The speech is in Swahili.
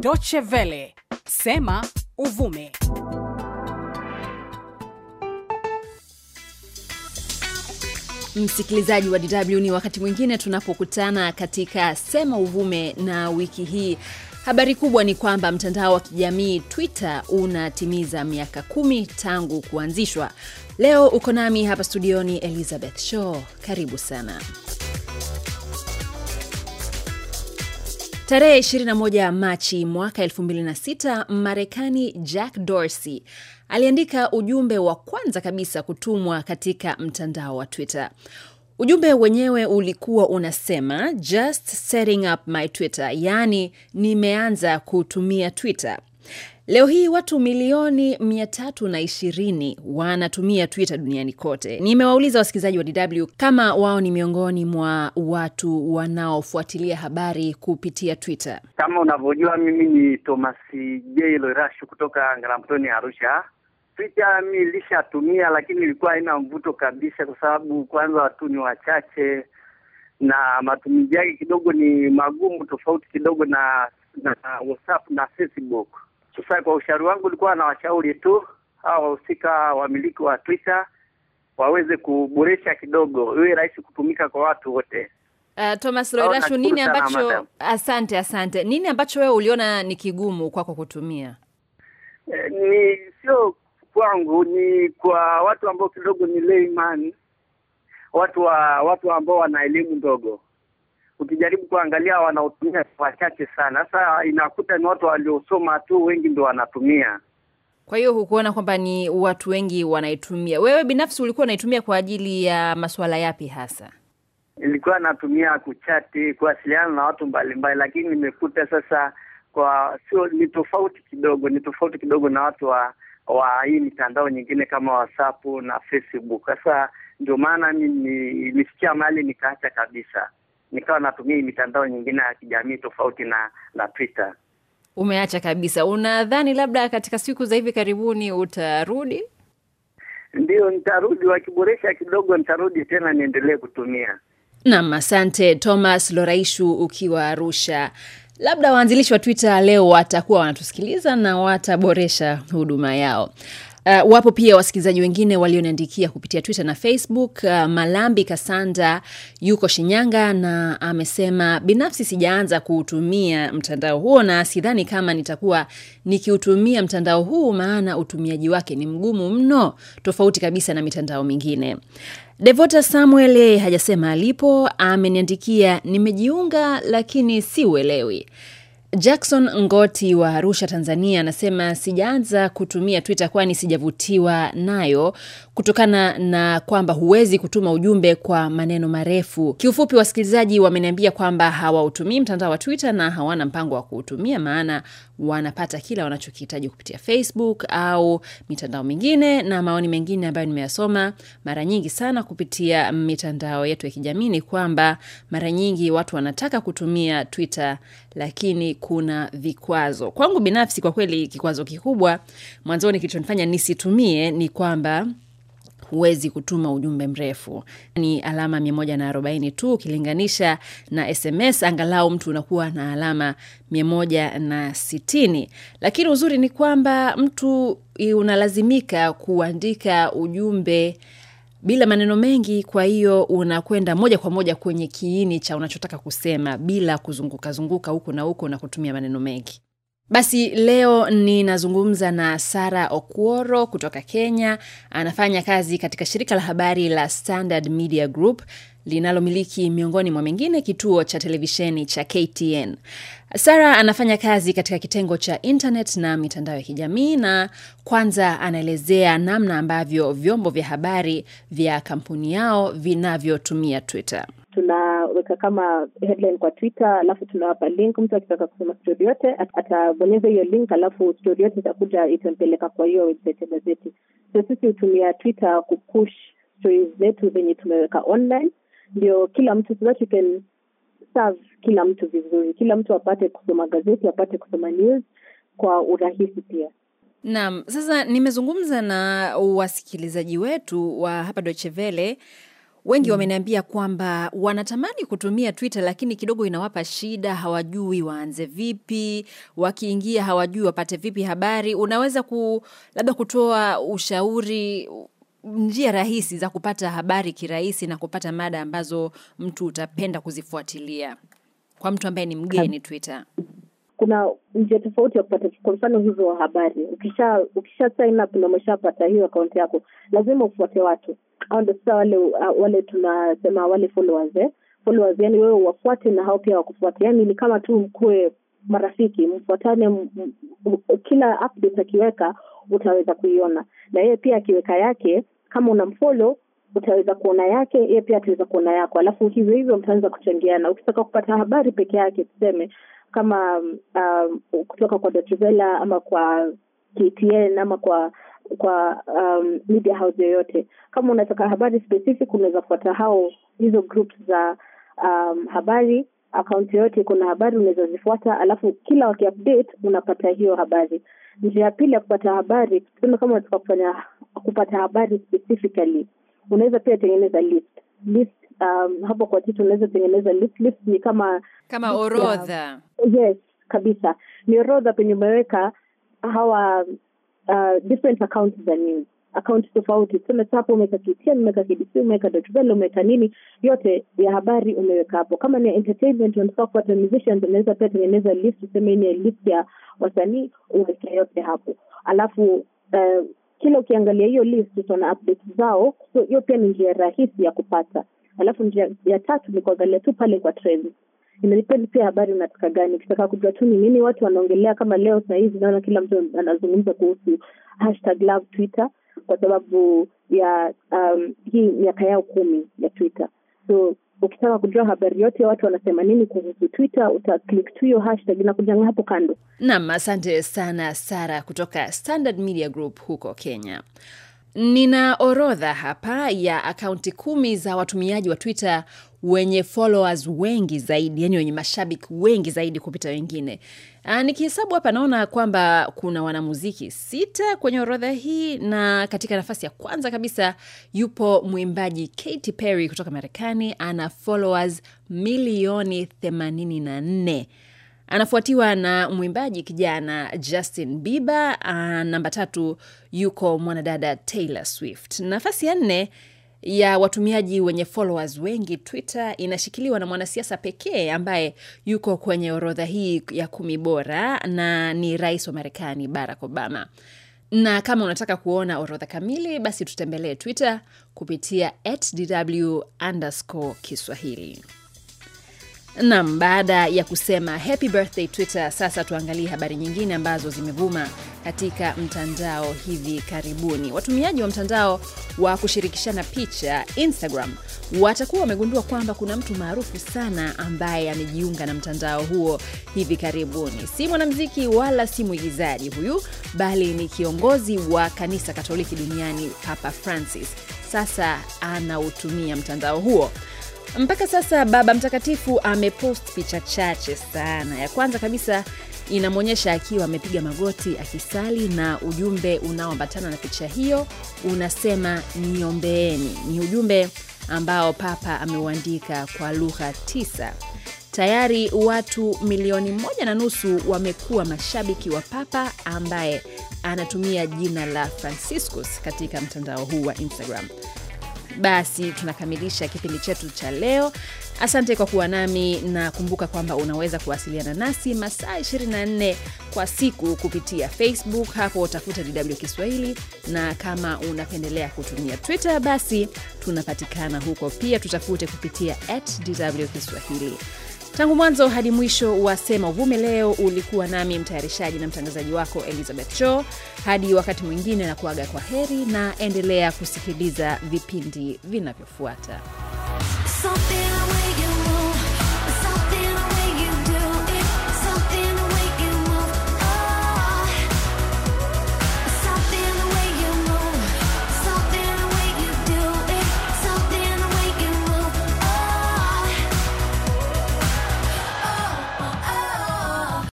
Deutsche Welle, sema uvume. Msikilizaji wa DW, ni wakati mwingine tunapokutana katika sema uvume, na wiki hii habari kubwa ni kwamba mtandao wa kijamii Twitter unatimiza miaka kumi tangu kuanzishwa. Leo uko nami hapa studioni Elizabeth Shaw, karibu sana. Tarehe 21 Machi mwaka 2006, Marekani Jack Dorsey aliandika ujumbe wa kwanza kabisa kutumwa katika mtandao wa Twitter. Ujumbe wenyewe ulikuwa unasema just setting up my Twitter, yaani nimeanza kutumia Twitter. Leo hii watu milioni 320 wanatumia Twitter duniani kote. Nimewauliza wasikilizaji wa DW kama wao ni miongoni mwa watu wanaofuatilia habari kupitia Twitter. Kama unavyojua, mimi ni Thomas J loirashu kutoka Ngaramtoni, Arusha. Twitter mi ilishatumia, lakini ilikuwa haina mvuto kabisa, kwa sababu kwanza watu ni wachache na matumizi yake kidogo ni magumu, tofauti kidogo na na WhatsApp na Facebook sasa kwa ushauri wangu ulikuwa na washauri tu hawa wahusika, wamiliki wa Twitter waweze kuboresha kidogo, iwe rahisi kutumika kwa watu wote. Uh, Thomas Roirashu, nini ambacho asante, asante, nini ambacho wewe uliona ni kigumu kwako kutumia? Eh, ni sio kwangu, ni kwa watu ambao kidogo ni layman, watu wa watu ambao wana elimu ndogo ukijaribu kuangalia wanaotumia wachache sana. Sasa inakuta ni watu waliosoma tu, wengi ndo wanatumia. Kwa hiyo hukuona kwamba ni watu wengi wanaitumia? Wewe binafsi ulikuwa unaitumia kwa ajili ya masuala yapi hasa? ilikuwa natumia kuchati, kuwasiliana na watu mbalimbali, lakini nimekuta sasa kwa sio, ni tofauti kidogo, ni tofauti kidogo na watu wa wa hii mitandao nyingine kama WhatsApp na Facebook. Sasa ndio maana mimi nilifikia mahali nikaacha kabisa nikawa natumia mitandao nyingine ya kijamii tofauti na na Twitter. Umeacha kabisa. Unadhani labda katika siku za hivi karibuni utarudi? ndio nitarudi. Wakiboresha kidogo, nitarudi tena niendelee kutumia. nam asante Thomas Loraishu ukiwa Arusha. Labda waanzilishi wa Twitter leo watakuwa wanatusikiliza na wataboresha huduma yao. Uh, wapo pia wasikilizaji wengine walioniandikia kupitia Twitter na Facebook. Uh, Malambi Kasanda yuko Shinyanga na amesema binafsi sijaanza kuutumia mtandao huo na sidhani kama nitakuwa nikiutumia mtandao huu, maana utumiaji wake ni mgumu mno, tofauti kabisa na mitandao mingine. Devota Samuel yeye hajasema alipo, ameniandikia nimejiunga lakini siuelewi. Jackson Ngoti wa Arusha, Tanzania, anasema sijaanza kutumia Twitter kwani sijavutiwa nayo kutokana na kwamba huwezi kutuma ujumbe kwa maneno marefu. Kiufupi, wasikilizaji wameniambia kwamba hawautumii mtandao wa Twitter na hawana mpango wa kuutumia, maana wanapata kila wanachokihitaji kupitia Facebook au mitandao mingine. Na maoni mengine ambayo nimeyasoma mara nyingi sana kupitia mitandao yetu ya kijamii ni kwamba mara nyingi watu wanataka kutumia Twitter lakini kuna vikwazo. Kwangu binafsi, kwa kweli, kikwazo kikubwa mwanzoni kilichonifanya nisitumie ni kwamba huwezi kutuma ujumbe mrefu, ni alama mia moja na arobaini tu ukilinganisha na SMS, angalau mtu unakuwa na alama mia moja na sitini. Lakini uzuri ni kwamba mtu unalazimika kuandika ujumbe bila maneno mengi. Kwa hiyo unakwenda moja kwa moja kwenye kiini cha unachotaka kusema bila kuzunguka zunguka huku na huku na kutumia maneno mengi. Basi leo ninazungumza na Sara Okuoro kutoka Kenya. Anafanya kazi katika shirika la habari la Standard Media Group linalomiliki miongoni mwa mengine kituo cha televisheni cha KTN. Sara anafanya kazi katika kitengo cha internet na mitandao ya kijamii, na kwanza anaelezea namna ambavyo vyombo vya habari vya kampuni yao vinavyotumia Twitter tunaweka kama headline kwa Twitter, alafu tunawapa link. Mtu akitaka kusoma stori yote atabonyeza hiyo link, alafu stori yote itakuja itampeleka kwa hiyo website ya gazeti. So sisi hutumia Twitter kupush stori zetu zenye tumeweka online, ndio kila mtu so that you can serve kila mtu vizuri, kila mtu apate kusoma gazeti, apate kusoma news kwa urahisi pia. Naam, sasa nimezungumza na wasikilizaji wetu wa hapa Deutsche Welle Wengi mm. wameniambia kwamba wanatamani kutumia Twitter lakini kidogo inawapa shida, hawajui waanze vipi, wakiingia hawajui wapate vipi habari. Unaweza ku labda kutoa ushauri njia rahisi za kupata habari kirahisi na kupata mada ambazo mtu utapenda kuzifuatilia kwa mtu ambaye ni mgeni Twitter? kuna njia tofauti ya kupata, kwa mfano hizo habari. Ukisha ukisha sign up na umeshapata hiyo akaunti yako, lazima ufuate watu au ndo sasa wale wale tunasema wale followers eh? followers yani wewe wafuate na hao pia wakufuate, yani ni kama tu mkuwe marafiki, mfuatane. Kila update akiweka utaweza kuiona, na yeye pia akiweka yake, kama una mfolo utaweza kuona yake, yeye pia ataweza kuona yako, alafu hivyo hivyo mtaweza kuchangiana. Ukitaka kupata habari peke yake, tuseme kama um, um, kutoka kwa Dotrovela ama kwa KTN ama kwa kwa um, media house yoyote. Kama unataka habari specific, unaweza fuata hao hizo groups za um, habari. Akaunti yoyote iko na habari, unaweza zifuata, alafu kila wakiupdate unapata hiyo habari. Njia ya pili ya kupata habari, tuseme kama unataka kufanya kupata habari specifically, unaweza pia tengeneza list list um, hapo kwa Tito unaweza tengeneza list. List ni kama kama orodha uh, yes kabisa, ni orodha penye umeweka hawa uh, different accounts za news akaunti tofauti, tuseme hapo umeweka KTN, umeweka KBC, umeweka Deutsche Welle, umeweka nini, yote ya habari umeweka hapo. Kama ni entertainment, unataka kufuata musicians, unaweza pia tengeneza list, tuseme ni list ya wasanii, uweke yote hapo, alafu uh, kila ukiangalia hiyo list utaona updates zao. So hiyo pia ni njia rahisi ya kupata Alafu njia ya tatu ni kuangalia tu pale kwa trend inadepend pia habari unataka gani. Ukitaka kujua tu ni nini watu wanaongelea, kama leo saa hizi naona kila mtu anazungumza kuhusu hashtag love Twitter kwa sababu ya um, hii miaka yao kumi ya Twitter. So ukitaka kujua habari yote watu wanasema nini kuhusu Twitter, utaklik tu hiyo hashtag na kujanga hapo kando. nam asante sana Sara kutoka Standard Media Group huko Kenya. Nina orodha hapa ya akaunti kumi za watumiaji wa Twitter wenye followers wengi zaidi, yani wenye mashabiki wengi zaidi kupita wengine. Ah, nikihesabu hapa naona kwamba kuna wanamuziki sita kwenye orodha hii, na katika nafasi ya kwanza kabisa yupo mwimbaji Katy Perry kutoka Marekani, ana followers milioni 84. Anafuatiwa na mwimbaji kijana Justin Bieber. Ah, namba tatu yuko mwanadada Taylor Swift. Nafasi ya nne ya watumiaji wenye followers wengi Twitter inashikiliwa na mwanasiasa pekee ambaye yuko kwenye orodha hii ya kumi bora na ni rais wa Marekani Barack Obama. Na kama unataka kuona orodha kamili, basi tutembelee Twitter kupitia kiswahili Nam, baada ya kusema happy birthday Twitter, sasa tuangalie habari nyingine ambazo zimevuma katika mtandao hivi karibuni. Watumiaji wa mtandao wa kushirikishana picha Instagram watakuwa wamegundua kwamba kuna mtu maarufu sana ambaye amejiunga na mtandao huo hivi karibuni. Si mwanamuziki wala si mwigizaji huyu, bali ni kiongozi wa kanisa Katoliki duniani, Papa Francis. Sasa anautumia mtandao huo mpaka sasa baba mtakatifu amepost picha chache sana ya kwanza kabisa inamwonyesha akiwa amepiga magoti akisali na ujumbe unaoambatana na picha hiyo unasema niombeeni ni ujumbe ambao papa ameuandika kwa lugha tisa tayari watu milioni moja na nusu wamekuwa mashabiki wa papa ambaye anatumia jina la franciscus katika mtandao huu wa instagram basi tunakamilisha kipindi chetu cha leo. Asante kwa kuwa nami, na kumbuka kwamba unaweza kuwasiliana nasi masaa 24 kwa siku kupitia Facebook, hapo utafuta DW Kiswahili, na kama unapendelea kutumia Twitter basi tunapatikana huko pia, tutafute kupitia at DW Kiswahili tangu mwanzo hadi mwisho wa sema uvume leo ulikuwa nami mtayarishaji na mtangazaji wako elizabeth cho hadi wakati mwingine na kuaga kwa heri na endelea kusikiliza vipindi vinavyofuata